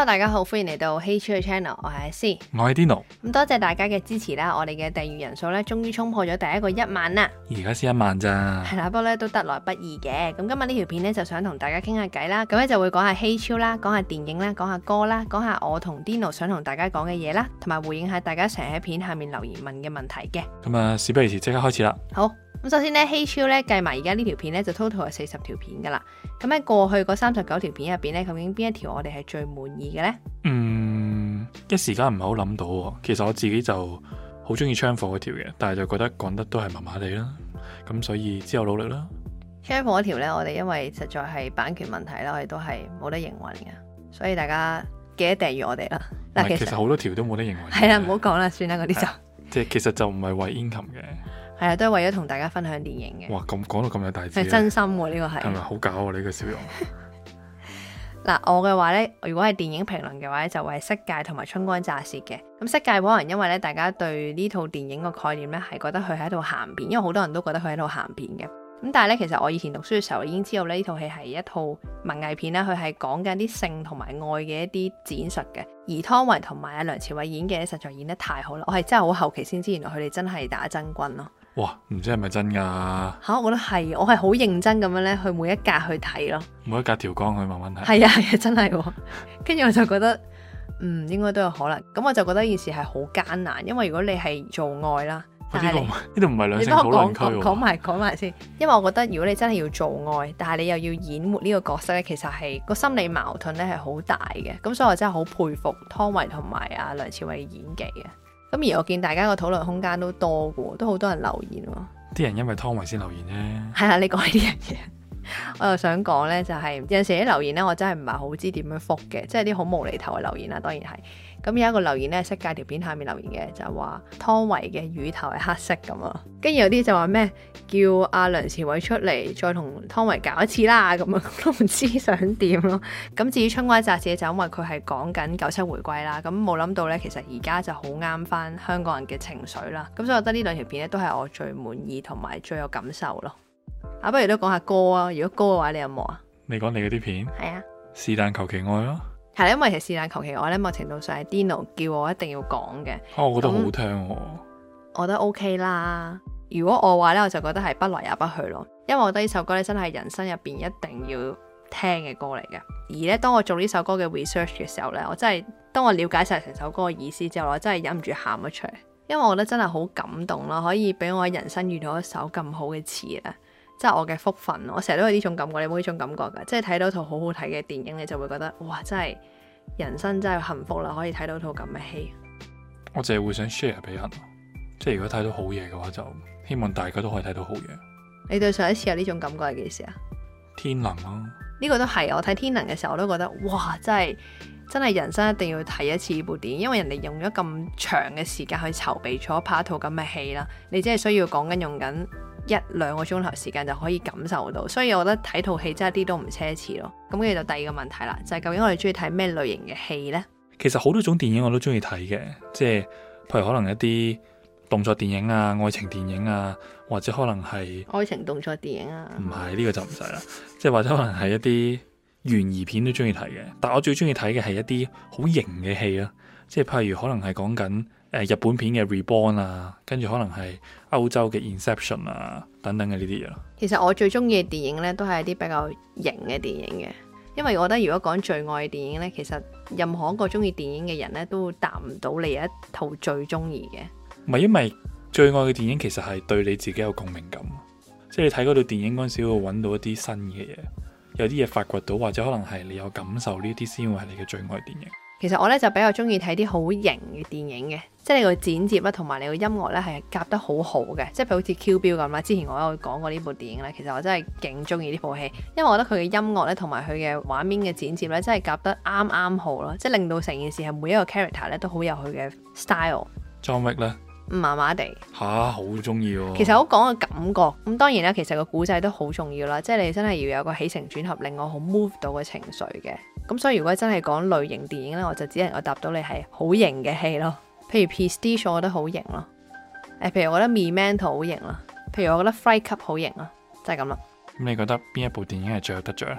Hello, 大家好，歡迎嚟到 HeyChill 嘅 channel，我係 C，我係 Dino，咁多謝大家嘅支持啦，我哋嘅訂閱人數咧終於衝破咗第一個一萬啦，而家先一萬咋，係啦，不過咧都得來不易嘅，咁今日呢條片咧就想同大家傾下偈啦，咁咧就會講下 HeyChill 啦，講下電影啦，講下歌啦，講下我同 Dino 想同大家講嘅嘢啦，同埋回應下大家成日喺片下面留言問嘅問題嘅，咁啊，事不宜遲，即刻開始啦。好。咁首先咧，Hey Chill 咧計埋而家呢條片咧就 total 係四十條片噶啦。咁喺過去嗰三十九條片入邊咧，究竟邊一條我哋係最滿意嘅呢？嗯，一時間唔係好諗到。其實我自己就好中意槍火嗰條嘅，但係就覺得講得都係麻麻地啦。咁所以之後努力啦。槍火嗰條咧，我哋因為實在係版權問題啦，我哋都係冇得營運嘅。所以大家記得訂閱我哋啦。嗱，其實好多條都冇得營運。係啦，唔好講啦，算啦，嗰啲就即係其實就唔係為 income 嘅。係啊，都係為咗同大家分享電影嘅。哇，咁講到咁有大志。係真心喎，呢個係。係咪好搞啊？呢個笑容。嗱， 我嘅話呢，如果係電影評論嘅話呢就會係《色戒》同埋《春光乍泄》嘅。咁《色戒》可能因，因為呢，大家對呢套電影個概念呢，係覺得佢係一套鹹片，因為好多人都覺得佢係套鹹片嘅。咁但係呢，其實我以前讀書嘅時候已經知道呢套戲係一套文藝片呢，佢係講緊啲性同埋愛嘅一啲展述嘅。而湯唯同埋阿梁朝偉演嘅呢，實在演得太好啦！我係真係好後期先知，原來佢哋真係打真軍咯。哇，唔知係咪真噶吓、啊啊？我覺得係，我係好認真咁樣咧，去每一格去睇咯，每一格調光去慢慢睇。係啊，係真係、啊，跟 住我就覺得，嗯，應該都有可能。咁我就覺得件事係好艱難，因為如果你係做愛啦，呢度唔係呢度唔係兩講埋講埋先， 因為我覺得如果你真係要做愛，但係你又要演活呢個角色咧，其實係、嗰個心理矛盾咧係好大嘅。咁所以我真係好佩服湯唯同埋阿梁朝偉嘅演技嘅。咁而我見大家個討論空間都多嘅，都好多人留言喎。啲人因為湯唯先留言咧。係啊，你講起呢樣嘢。我又想講呢，就係有陣時啲留言呢，我真係唔係好知點樣復嘅，即係啲好無厘頭嘅留言啦。當然係，咁有一個留言呢，係釋迦色戒條片下面留言嘅，就話湯唯嘅乳頭係黑色咁啊，跟住有啲就話咩叫阿梁朝偉出嚟再同湯唯搞一次啦咁啊，都唔知想點咯。咁至於《春光乍泄》，就因為佢係講緊九七回歸啦，咁冇諗到呢，其實而家就好啱翻香港人嘅情緒啦。咁所以我覺得呢兩條片呢，都係我最滿意同埋最有感受咯。啊，不如都講下歌啊。如果歌嘅話，你有冇啊？你講你嗰啲片係啊，是但求其愛咯。係啦，因為其實是但求其愛咧，某程度上係 Dino 叫我一定要講嘅。啊，我覺得好那好聽哦。我覺得 OK 啦。如果我話咧，我就覺得係不來也不去咯。因為我覺得呢首歌咧真係人生入邊一定要聽嘅歌嚟嘅。而咧，當我做呢首歌嘅 research 嘅時候咧，我真係當我了解晒成首歌嘅意思之後，我真係忍唔住喊咗出嚟，因為我覺得真係好感動咯。可以俾我喺人生遇到一首咁好嘅詞咧。即係我嘅福分，我成日都有呢種感覺。你冇呢種感覺㗎？即係睇到套好好睇嘅電影，你就會覺得哇！真係人生真係幸福啦，可以睇到套咁嘅戲。我淨係會想 share 俾人，即係如果睇到好嘢嘅話，就希望大家都可以睇到好嘢。你對上一次有呢種感覺係幾時啊？天能咯，呢個都係我睇天能嘅時候，我都覺得哇！真係真係人生一定要睇一次呢部電影，因為人哋用咗咁長嘅時間去籌備咗拍一套咁嘅戲啦。你只係需要講緊用緊。一兩個鐘頭時間就可以感受到，所以我覺得睇套戲真係一啲都唔奢侈咯。咁跟住就第二個問題啦，就係、是、究竟我哋中意睇咩類型嘅戲呢？其實好多種電影我都中意睇嘅，即係譬如可能一啲動作電影啊、愛情電影啊，或者可能係愛情動作電影啊。唔係，呢個就唔使啦，即係 或者可能係一啲懸疑片都中意睇嘅。但我最中意睇嘅係一啲好型嘅戲啊，即係譬如可能係講緊。誒日本片嘅 Reborn 啊，跟住可能係歐洲嘅 Inception 啊等等嘅呢啲嘢咯。其實我最中意嘅電影呢，都係一啲比較型嘅電影嘅，因為我覺得如果講最愛嘅電影呢，其實任何一個中意電影嘅人呢，都答唔到你一套最中意嘅。唔係因為最愛嘅電影其實係對你自己有共鳴感，即係你睇嗰套電影嗰陣時會揾到一啲新嘅嘢，有啲嘢發掘到，或者可能係你有感受呢啲先會係你嘅最愛電影。其實我咧就比較中意睇啲好型嘅電影嘅，即係你個剪接啦，同埋你個音樂咧係夾得好好嘅，即係譬如好似《Kill Bill》咁啦。之前我有講過呢部電影咧，其實我真係勁中意呢部戲，因為我覺得佢嘅音樂咧同埋佢嘅畫面嘅剪接咧真係夾得啱啱好咯，即係令到成件事係每一個 character 咧都好有佢嘅 style。j o h 麻麻地吓，好中意其實好講個感覺咁，當然啦，其實個故仔都好重要啦，即係你真係要有個起承轉合，令我好 move 到嘅情緒嘅。咁所以如果真係講類型電影呢，我就只能夠答到你係好型嘅戲咯。譬如《Prestige》我覺得好型咯，誒、欸，譬如我覺得《Memento》好型啦，譬如我覺得《Fight Club》好型咯，就係咁啦。咁你覺得邊一部電影係最有得着？咧？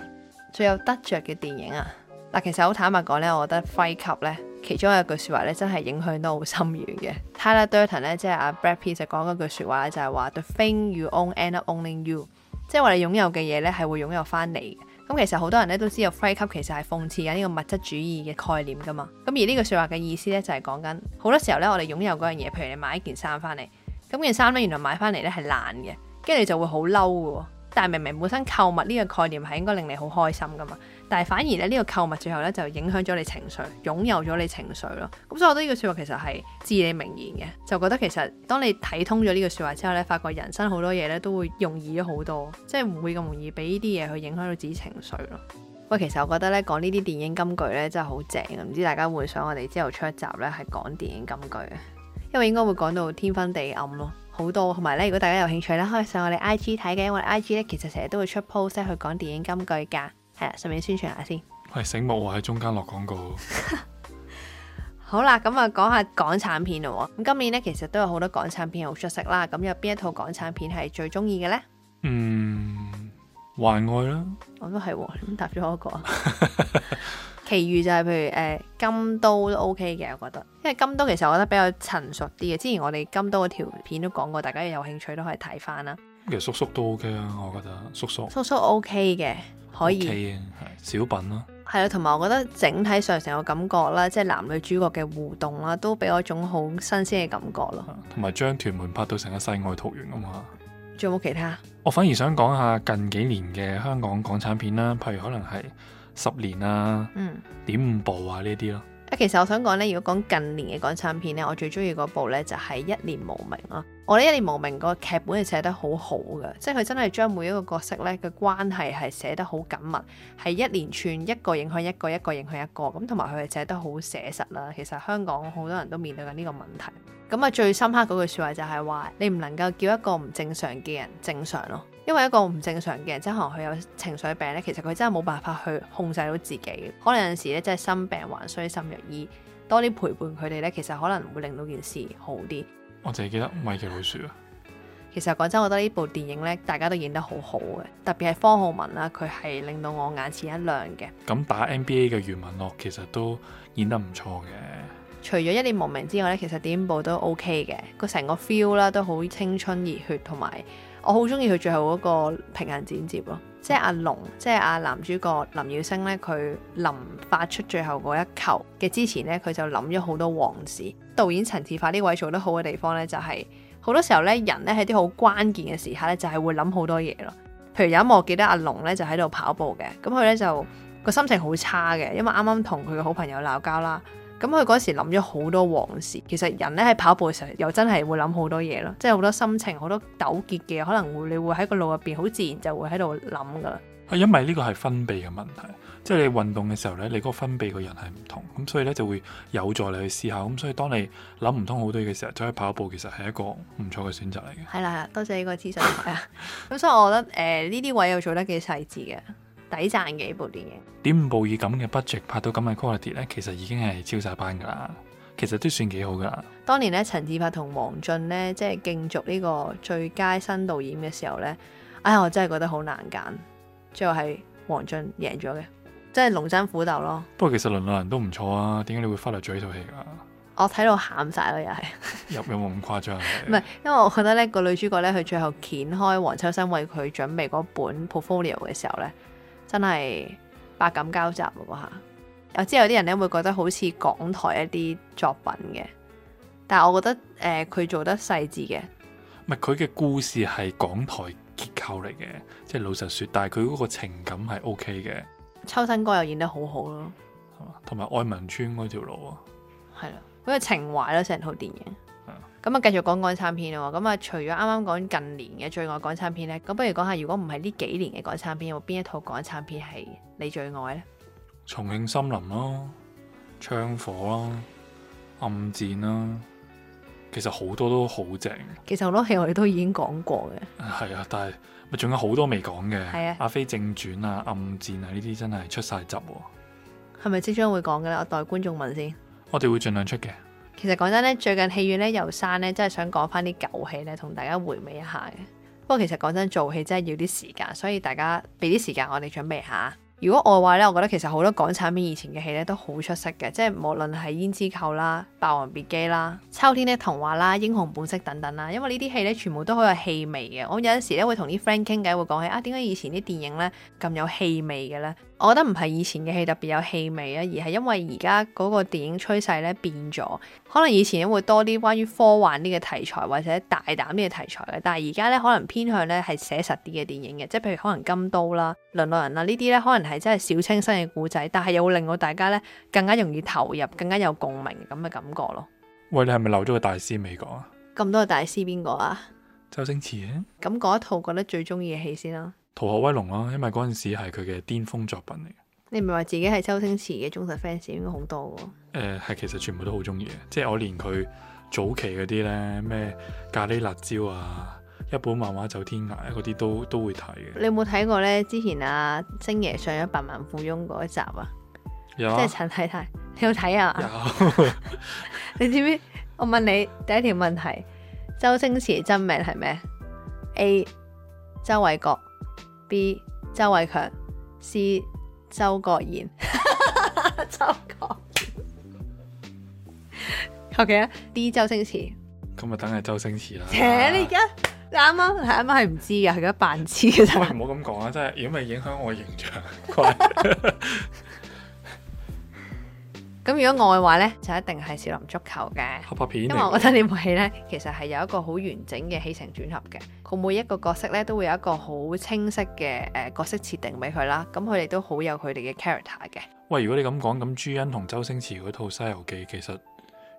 最有得着嘅電影啊，嗱，其實好坦白講呢，我覺得《Fight Club》咧。其中有一句説話咧，真係影響都好深遠嘅。Tyler Durden 咧，即係阿 Brad Pitt 就講嗰句説話咧，就係話 The thing you own ends up owning you，即係我哋擁有嘅嘢咧，係會擁有翻你。咁其實好多人咧都知道，Fight Club 其實係諷刺緊呢個物質主義嘅概念噶嘛。咁而呢句説話嘅意思咧，就係講緊好多時候咧，我哋擁有嗰樣嘢，譬如你買一件衫翻嚟，咁件衫咧原來買翻嚟咧係爛嘅，跟住你就會好嬲喎。但係明明本身購物呢個概念係應該令你好開心噶嘛。但係反而咧，呢個購物最後咧就影響咗你情緒，擁有咗你情緒咯。咁所以我覺得呢個説話其實係至理名言嘅，就覺得其實當你睇通咗呢個説話之後咧，發覺人生好多嘢咧都會容易咗好多，即係唔會咁容易俾呢啲嘢去影響到自己情緒咯。喂，其實我覺得咧講呢啲電影金句咧真係好正啊！唔知大家會唔會想我哋之後出一集咧係講電影金句啊？因為應該會講到天昏地暗咯，好多，同埋咧，如果大家有興趣咧，可以上我哋 IG 睇嘅，因為 IG 咧其實成日都會出 post 去講電影金句㗎。係，順便宣傳下先。係醒目喎，喺中間落廣告。 好啦，咁啊，講下港產片咯。咁今年咧，其實都有好多港產片好出色啦。咁有邊一套港產片係最中意嘅咧？嗯，幻愛啦。我都係、喔，咁答咗我一個。 其餘就係譬如誒，呃《金都》都 OK 嘅，我覺得。因為《金都》其實我覺得比較成熟啲嘅。之前我哋《金都》嗰條片都講過，大家有興趣都可以睇翻啦。其實叔叔都 OK 啊，我覺得叔叔，叔叔 OK 嘅，可以。OK 嘅，係啊，小品咯。係啊，同埋我覺得整體上成個感覺啦，即係男女主角嘅互動啦，都俾我一種好新鮮嘅感覺咯。同埋將屯門拍到成個世外桃源啊嘛。仲有冇其他？我反而想講下近幾年嘅香港港產片啦，譬如可能係十年啊，嗯，點五部啊呢啲咯。其實我想講咧，如果講近年嘅港產片咧，我最中意嗰部咧就係、是《一念無名》啊！我咧《一念無名》嗰個劇本係寫得好好嘅，即係佢真係將每一個角色咧嘅關係係寫得好緊密，係一連串一個影響一個，一個影響一個咁，同埋佢係寫得好寫實啦。其實香港好多人都面對緊呢個問題，咁啊最深刻嗰句説話就係、是、話你唔能夠叫一個唔正常嘅人正常咯。因為一個唔正常嘅人，即係可能佢有情緒病咧，其實佢真係冇辦法去控制到自己，可能有陣時咧，即係心病還須心藥醫，多啲陪伴佢哋咧，其實可能會令到件事好啲。我凈係記得米奇老鼠啊。其實講真，我覺得呢部電影咧，大家都演得好好嘅，特別係方皓玟啦，佢係令到我眼前一亮嘅。咁打 NBA 嘅余文樂其實都演得唔錯嘅。除咗一念無明之外咧，其實點部都 OK 嘅，個成個 feel 啦都好青春熱血同埋。我好中意佢最後嗰個平行剪接咯，即係阿龍，即係阿男主角林耀星呢。呢佢臨發出最後嗰一球嘅之前呢，佢就諗咗好多往事。導演陳志發呢位做得好嘅地方呢，就係好多時候呢，人呢喺啲好關鍵嘅時刻呢，就係會諗好多嘢咯。譬如有一幕，我記得阿龍呢，就喺度跑步嘅，咁佢呢就個心情好差嘅，因為啱啱同佢嘅好朋友鬧交啦。咁佢嗰時諗咗好多往事。其實人咧喺跑步嘅時候，又真係會諗好多嘢咯，即係好多心情、好多糾結嘅，可能會你會喺個腦入邊好自然就會喺度諗噶啦。因為呢個係分泌嘅問題，即係你運動嘅時候咧，你嗰個分泌嘅人係唔同，咁所以咧就會有助你去思考。咁所以當你諗唔通好多嘢嘅時候，走去跑步其實係一個唔錯嘅選擇嚟嘅。係啦，係啦，多謝呢個諮詢台啊。咁 所以我覺得誒呢啲位又做得幾細緻嘅。抵讚嘅一部電影，點五步以咁嘅 budget 拍到咁嘅 quality 咧，其實已經係超晒班㗎啦。其實都算幾好㗎。當年咧，陳志發同黃進咧即係競逐呢個最佳新導演嘅時候咧，哎我真係覺得好難揀，最後係黃進贏咗嘅，真係龍爭虎鬥咯。不過其實《淪落人》都唔錯啊，點解你會忽略咗呢套戲㗎？我睇到喊晒咯，又係又有冇咁誇張？唔係， 因為我覺得咧個女主角咧，佢最後掀開黃秋生為佢準備嗰本 portfolio 嘅時候咧。真係百感交集喎、啊、嚇！我知道有啲人咧會覺得好似港台一啲作品嘅，但係我覺得誒佢、呃、做得細緻嘅。唔係佢嘅故事係港台結構嚟嘅，即係老實説，但係佢嗰個情感係 OK 嘅。秋生哥又演得好好咯，同埋愛民村嗰條路啊，係啦，好有情懷咯，成套電影。咁啊，繼續講港產片咯喎！咁啊，除咗啱啱講近年嘅最愛港產片咧，咁不如講下，如果唔係呢幾年嘅港產片，有邊一套港產片係你最愛咧？重慶森林咯、啊，槍火啦、啊，暗戰啦、啊，其實好多都好正。其實好多戲我哋都已經講過嘅。係啊，但係咪仲有好多未講嘅？係啊，阿飛正傳啊，暗戰啊，是是呢啲真係出晒汁喎。係咪即將會講嘅咧？我代觀眾問先。我哋會盡量出嘅。其實講真咧，最近戲院咧又閂咧，真係想講翻啲舊戲咧，同大家回味一下嘅。不過其實講真，做戲真係要啲時間，所以大家俾啲時間我哋準備下。如果外話咧，我覺得其實好多港產片以前嘅戲咧都好出色嘅，即係無論係《胭脂扣》啦、《霸王別姬》啦、《秋天的童話》啦、《英雄本色》等等啦，因為呢啲戲咧全部都好有戲味嘅。我有陣時咧會同啲 friend 傾偈，會講起啊點解以前啲電影咧咁有戲味嘅咧？我覺得唔係以前嘅戲特別有氣味啊，而係因為而家嗰個電影趨勢咧變咗，可能以前會多啲關於科幻啲嘅題材或者大膽啲嘅題材嘅，但係而家咧可能偏向咧係寫實啲嘅電影嘅，即係譬如可能金都啦、《淪落人》啦啊呢啲咧，可能係真係小清新嘅故仔，但係又會令到大家咧更加容易投入、更加有共鳴咁嘅感覺咯。喂，你係咪漏咗個大師未講啊？咁多個大師邊個啊？周星馳啊？咁嗰一套覺得最中意嘅戲先啦。逃學威龍咯，因為嗰陣時係佢嘅巔峰作品嚟嘅。你唔係話自己係周星馳嘅忠實 fans 應該好多嘅？誒、呃，係其實全部都好中意嘅，即係我連佢早期嗰啲咧，咩咖喱辣椒啊、一本漫畫走天涯啊，嗰啲都都會睇嘅。你有冇睇過咧？之前啊，星爺上咗百萬富翁嗰一集啊，有啊，即係陳太太。你有睇啊？有啊 你知唔知？我問你第一條問題，周星馳真名係咩？A 周衛國。B 周偉強，C 周國賢， 周國，OK 賢啊 ，D 周星馳，咁咪等係周星馳啦。誒，你而家你啱啱係啱啱係唔知㗎，佢而家扮痴嘅真係，唔好咁講啊，剛剛剛剛真係如果咪影響我形象。 咁如果我嘅話咧，就一定係《少林足球》嘅，黑白片。因為我覺得呢部戲咧，其實係有一個好完整嘅起承轉合嘅。佢每一個角色咧，都會有一個好清晰嘅誒、呃、角色設定俾佢啦。咁佢哋都好有佢哋嘅 character 嘅。喂，如果你咁講，咁朱茵同周星馳嗰套《西遊記》其實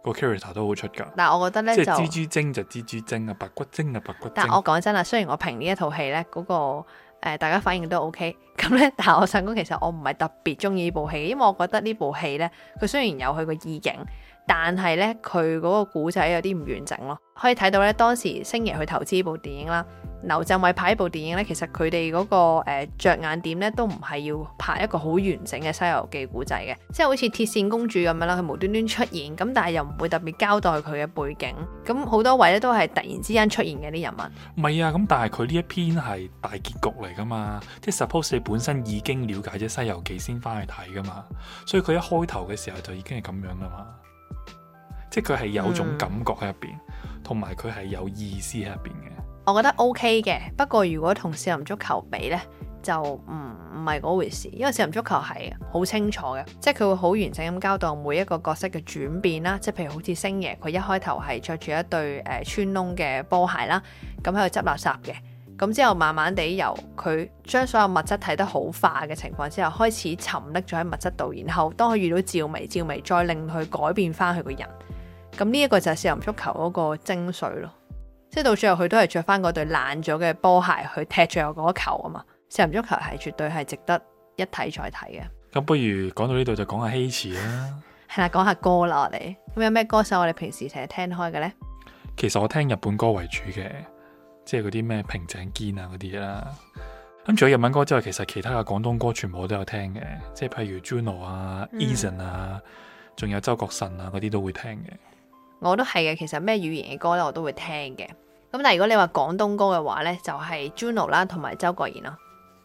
個 character 都好出噶。但我覺得咧，就即係蜘蛛精就蜘蛛精啊，白骨精啊白骨精。但我講真啦，雖然我評呢一套戲咧，嗰、嗰個。誒，大家反應都 OK，咁咧，但係我想講，其實我唔係特別中意呢部戲，因為我覺得呢部戲咧，佢雖然有佢個意境，但係咧佢嗰個故仔有啲唔完整咯。可以睇到咧，當時星爺去投資呢部電影啦。劉鎮偉拍一部電影咧，其實佢哋嗰個誒着眼點咧都唔係要拍一個好完整嘅《西遊記》古仔嘅，即係好似鐵線公主咁樣啦，佢無端端出現咁，但係又唔會特別交代佢嘅背景。咁好多位咧都係突然之間出現嘅啲人物，唔係啊。咁但係佢呢一篇係大結局嚟噶嘛，即係 suppose 你本身已經了解咗《西遊記》先翻去睇噶嘛，所以佢一開頭嘅時候就已經係咁樣啦嘛，即係佢係有種感覺喺入邊，同埋佢係有意思喺入邊。我覺得 OK 嘅，不過如果同《少林足球》比呢，就唔唔係嗰回事，因為《少林足球》係好清楚嘅，即係佢會好完整咁交代每一個角色嘅轉變啦，即係譬如好似星爺，佢一開頭係着住一對誒穿窿嘅波鞋啦，咁喺度執垃圾嘅，咁之後慢慢地由佢將所有物質睇得好化嘅情況之後，開始沉溺咗喺物質度，然後當佢遇到趙薇，趙薇再令佢改變返佢個人，咁呢一個就係《少林足球》嗰個精髓咯。即係到最後佢都係着翻嗰對爛咗嘅波鞋去踢最後嗰球啊嘛！成人足球係絕對係值得一睇再睇嘅。咁不如講到呢度就講下希辭啦。係啦， 講下歌啦，你咁有咩歌手我哋平時成日聽開嘅呢？其實我聽日本歌為主嘅，即係嗰啲咩平井堅啊嗰啲嘢啦。咁除咗日文歌之外，其實其他嘅廣東歌全部我都有聽嘅，即係譬如 Juno 啊、嗯、Eason 啊，仲有周國賢啊嗰啲都會聽嘅。我都係嘅，其實咩語言嘅歌咧，我都會聽嘅。咁但係如果你話廣東歌嘅話咧，就係 Juno 啦，同埋周國賢咯。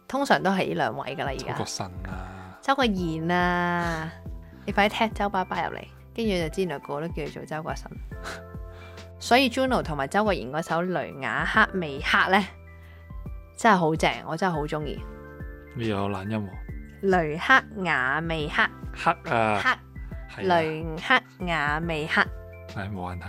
通常都係呢兩位噶啦而家。周國賢啊，周國賢啊，你快啲踢周爸爸入嚟，跟住就知兩個都叫做周國賢。所以 Juno 同埋周國賢嗰首《雷雅克未克》咧，真係好正，我真係好中意。你有懶音樂。雷克雅未克。克啊。克。雷克雅未克。係冇問題，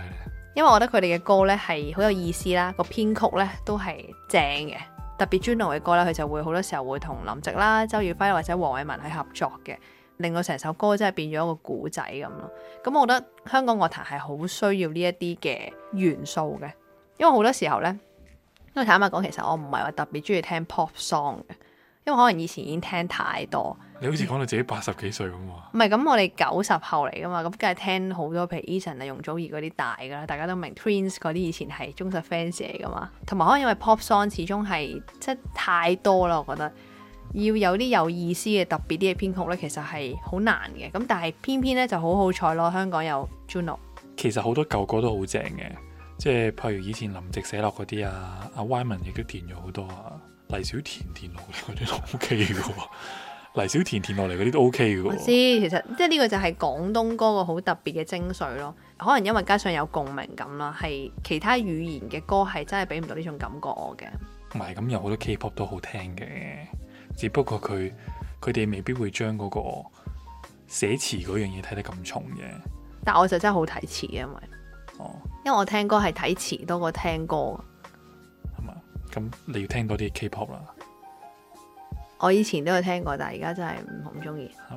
因為我覺得佢哋嘅歌咧係好有意思啦，個編曲咧都係正嘅，特別 Juno 嘅歌咧，佢就會好多時候會同林夕啦、周耀輝或者黃偉文去合作嘅，令到成首歌真係變咗一個古仔咁咯。咁我覺得香港樂壇係好需要呢一啲嘅元素嘅，因為好多時候咧，都坦白講，其實我唔係話特別中意聽 pop song 嘅，因為可能以前已經聽太多。你好似講到自己八十幾歲咁喎，唔係咁我哋九十後嚟噶嘛，咁梗係聽好多譬如 Eason 啊、容祖兒嗰啲大噶啦，大家都明 Twins 嗰啲以前係忠實 fans 嚟噶嘛，同埋可能因為 pop song 始終係即係太多啦，我覺得要有啲有意思嘅特別啲嘅編曲咧，其實係好難嘅，咁但係偏偏咧就好好彩咯，香港有 Juno。其實好多舊歌都好正嘅，即係譬如以前林夕寫落嗰啲啊，阿、啊、Wyman 亦都填咗好多啊，黎小田填落嗰啲都 OK 嘅喎。 黎小田填填落嚟嗰啲都 OK 嘅喎。我知，其實即係呢個就係廣東歌個好特別嘅精髓咯。可能因為加上有共鳴感啦，係其他語言嘅歌係真係俾唔到呢種感覺我嘅。唔係咁，有好多 K-pop 都好聽嘅，只不過佢佢哋未必會將嗰個寫詞嗰樣嘢睇得咁重嘅。但我就真係好睇詞，因為哦，因為我聽歌係睇詞多過聽歌。係嘛？咁你要聽多啲 K-pop 啦。Pop 我以前都有聽過，但係而家真係唔好中意。啊、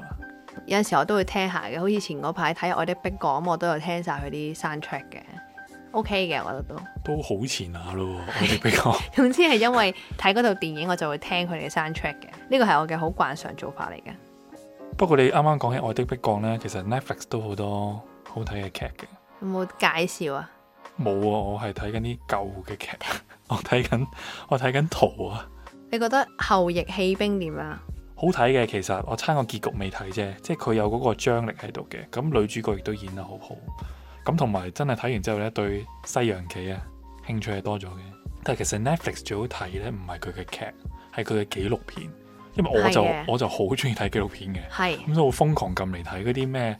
有陣時我都會聽下嘅，好似前嗰排睇《愛的迫降》，我都有聽晒佢啲山 track 嘅，OK 嘅，我覺得都都好前下咯，《愛的迫降》。 總之係因為睇嗰套電影，我就會聽佢哋嘅山 track 嘅。呢個係我嘅好慣常做法嚟嘅。不過你啱啱講起《愛的迫降》呢，其實 Netflix 都好多好睇嘅劇嘅。有冇介紹啊？冇啊！我係睇緊啲舊嘅劇， 我睇緊我睇緊圖啊。你覺得《後翼棄兵》點樣啊？好睇嘅，其實我差個結局未睇啫，即係佢有嗰個張力喺度嘅，咁女主角亦都演得好好，咁同埋真係睇完之後咧，對西洋棋啊興趣係多咗嘅。但係其實 Netflix 最好睇咧，唔係佢嘅劇，係佢嘅紀錄片，因為我就的我就好中意睇紀錄片嘅，咁都好瘋狂撳嚟睇嗰啲咩。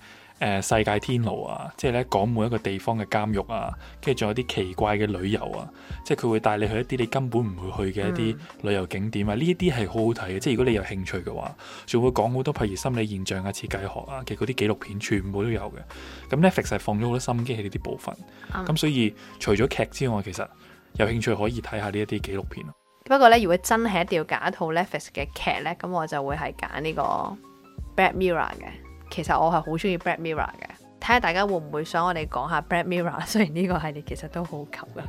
誒，世界天牢啊，即係咧講每一個地方嘅監獄啊，跟住仲有啲奇怪嘅旅遊啊，即係佢會帶你去一啲你根本唔會去嘅一啲旅遊景點啊，呢啲係好好睇嘅，即係如果你有興趣嘅話，仲會講好多譬如心理現象啊、設計學啊嘅嗰啲紀錄片，全部都有嘅。咁 Netflix 係放咗好多心機喺呢啲部分，咁、嗯、所以除咗劇之外，其實有興趣可以睇下呢一啲紀錄片、嗯、不過咧，如果真係一定要揀一套 Netflix 嘅劇咧，咁我就會係揀呢個《Bad Mirror》嘅。其實我係好中意《Black Mirror》嘅，睇下大家會唔會想我哋講下《Black Mirror》？雖然呢個系列其實都好舊嘅，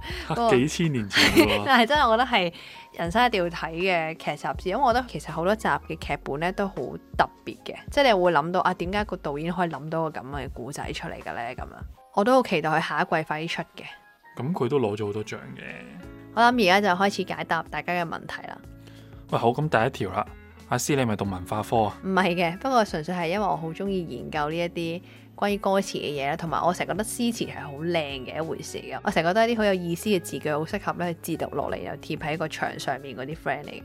我幾千年前。 但係真係我覺得係人生一定要睇嘅劇集之一，因為我覺得其實好多集嘅劇本咧都好特別嘅，即係你會諗到啊，點解個導演可以諗到個咁嘅古仔出嚟嘅咧咁樣。我都好期待佢下一季快啲出嘅。咁佢都攞咗好多獎嘅。我諗而家就開始解答大家嘅問題啦。喂、哎，好，咁第一條啦。阿詩，你係咪讀文化科啊？唔係嘅，不過純粹係因為我好中意研究呢一啲關於歌詞嘅嘢啦，同埋我成日覺得詩詞係好靚嘅一回事嘅。我成日覺得一啲好有意思嘅字句，好適合咧去自讀落嚟，又貼喺個牆上面嗰啲 friend 嚟嘅。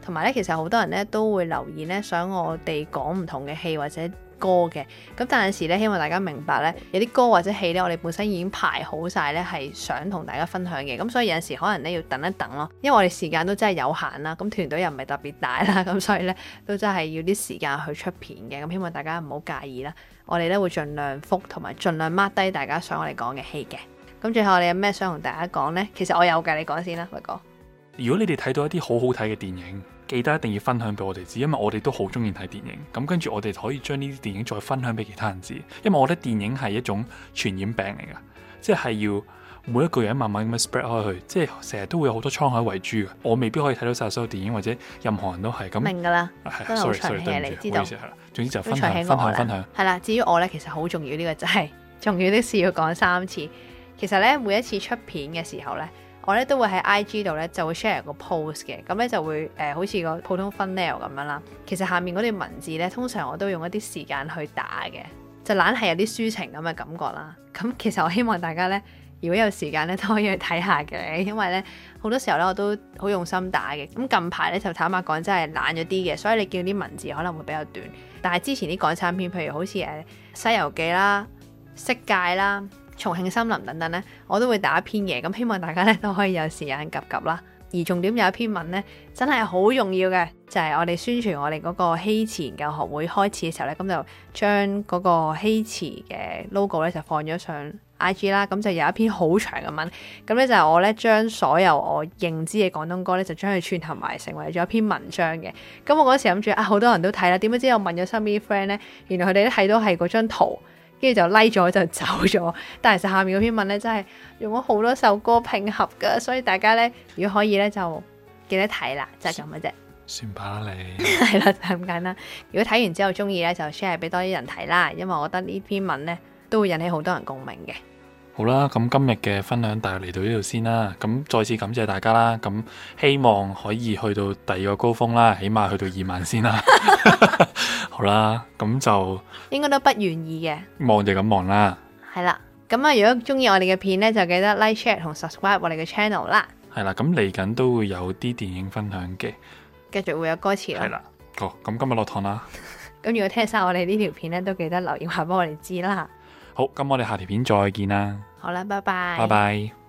同埋咧，其實好多人咧都會留言咧，想我哋講唔同嘅戲或者歌嘅，咁但係有陣時咧，希望大家明白咧，有啲歌或者戲咧，我哋本身已經排好晒咧，係想同大家分享嘅，咁所以有陣時可能咧要等一等咯，因為我哋時間都真係有限啦，咁團隊又唔係特別大啦，咁所以咧都真係要啲時間去出片嘅，咁希望大家唔好介意啦，我哋咧會盡量覆同埋盡量 mark 低大家想我哋講嘅戲嘅，咁最後我哋有咩想同大家講呢？其實我有嘅，你講先啦，麥哥。如果你哋睇到一啲好好睇嘅電影。記得一定要分享俾我哋知，因為我哋都好中意睇電影。咁跟住我哋可以將呢啲電影再分享俾其他人知，因為我覺得電影係一種傳染病嚟噶，即係要每一個人慢慢咁樣 spread 開去，即係成日都會有好多滄海遺珠，我未必可以睇到晒所有電影，或者任何人都係咁。明㗎啦，sorry sorry，知道，知道。總之就分享分享分享。係啦，至於我咧，其實好重要呢個就係重要的是要講三次。其實咧，每一次出片嘅時候咧。我咧都會喺 IG 度咧就會 share 個 post 嘅，咁咧就會誒、呃、好似個普通 funnel 咁樣啦。其實下面嗰段文字咧，通常我都用一啲時間去打嘅，就懶係有啲抒情咁嘅感覺啦。咁其實我希望大家咧，如果有時間咧都可以去睇下嘅，因為咧好多時候咧我都好用心打嘅。咁近排咧就坦白講真係懶咗啲嘅，所以你見到啲文字可能會比較短，但係之前啲港產片，譬如好似誒《西遊記》啦、《色戒》啦。重慶森林等等咧，我都會打一篇嘢，咁希望大家咧都可以有時間及及啦。而重點有一篇文咧，真係好重要嘅，就係、是、我哋宣傳我哋嗰個戲痴嘅學會開始嘅時候咧，咁就將嗰個戲痴嘅 logo 咧就放咗上 IG 啦。咁就有一篇好長嘅文，咁咧就係我咧將所有我認知嘅廣東歌咧就將佢串合埋成為咗一篇文章嘅。咁我嗰時諗住啊，好多人都睇啦，點解知我問咗身邊啲 friend 咧，原來佢哋都睇到係嗰張圖。跟住就拉咗就走咗，但係其實下面嗰篇文咧真係用咗好多首歌拼合噶，所以大家咧如果可以咧就記得睇啦，就係咁嘅啫。算吧啦你，係啦就咁簡單。如果睇完之後中意咧就 share 俾多啲人睇啦，因為我覺得呢篇文咧都會引起好多人共鳴嘅。好啦，咁今日嘅分享大約嚟到呢度先啦。咁再次感謝大家啦。咁希望可以去到第二個高峰啦，起碼去到二萬先啦。 好啦，咁就應該都不願意嘅，望就咁望啦。係啦，咁啊，如果中意我哋嘅片呢，就記得 like、share 同 subscribe 我哋嘅 channel 啦。係啦，咁嚟緊都會有啲電影分享嘅，繼續會有歌詞啦。係啦，啦好，咁今日落堂啦。咁 如果聽晒我哋呢條片呢，都記得留言話俾我哋知啦。好，咁我哋下條片再見啦。好啦，拜拜，拜拜。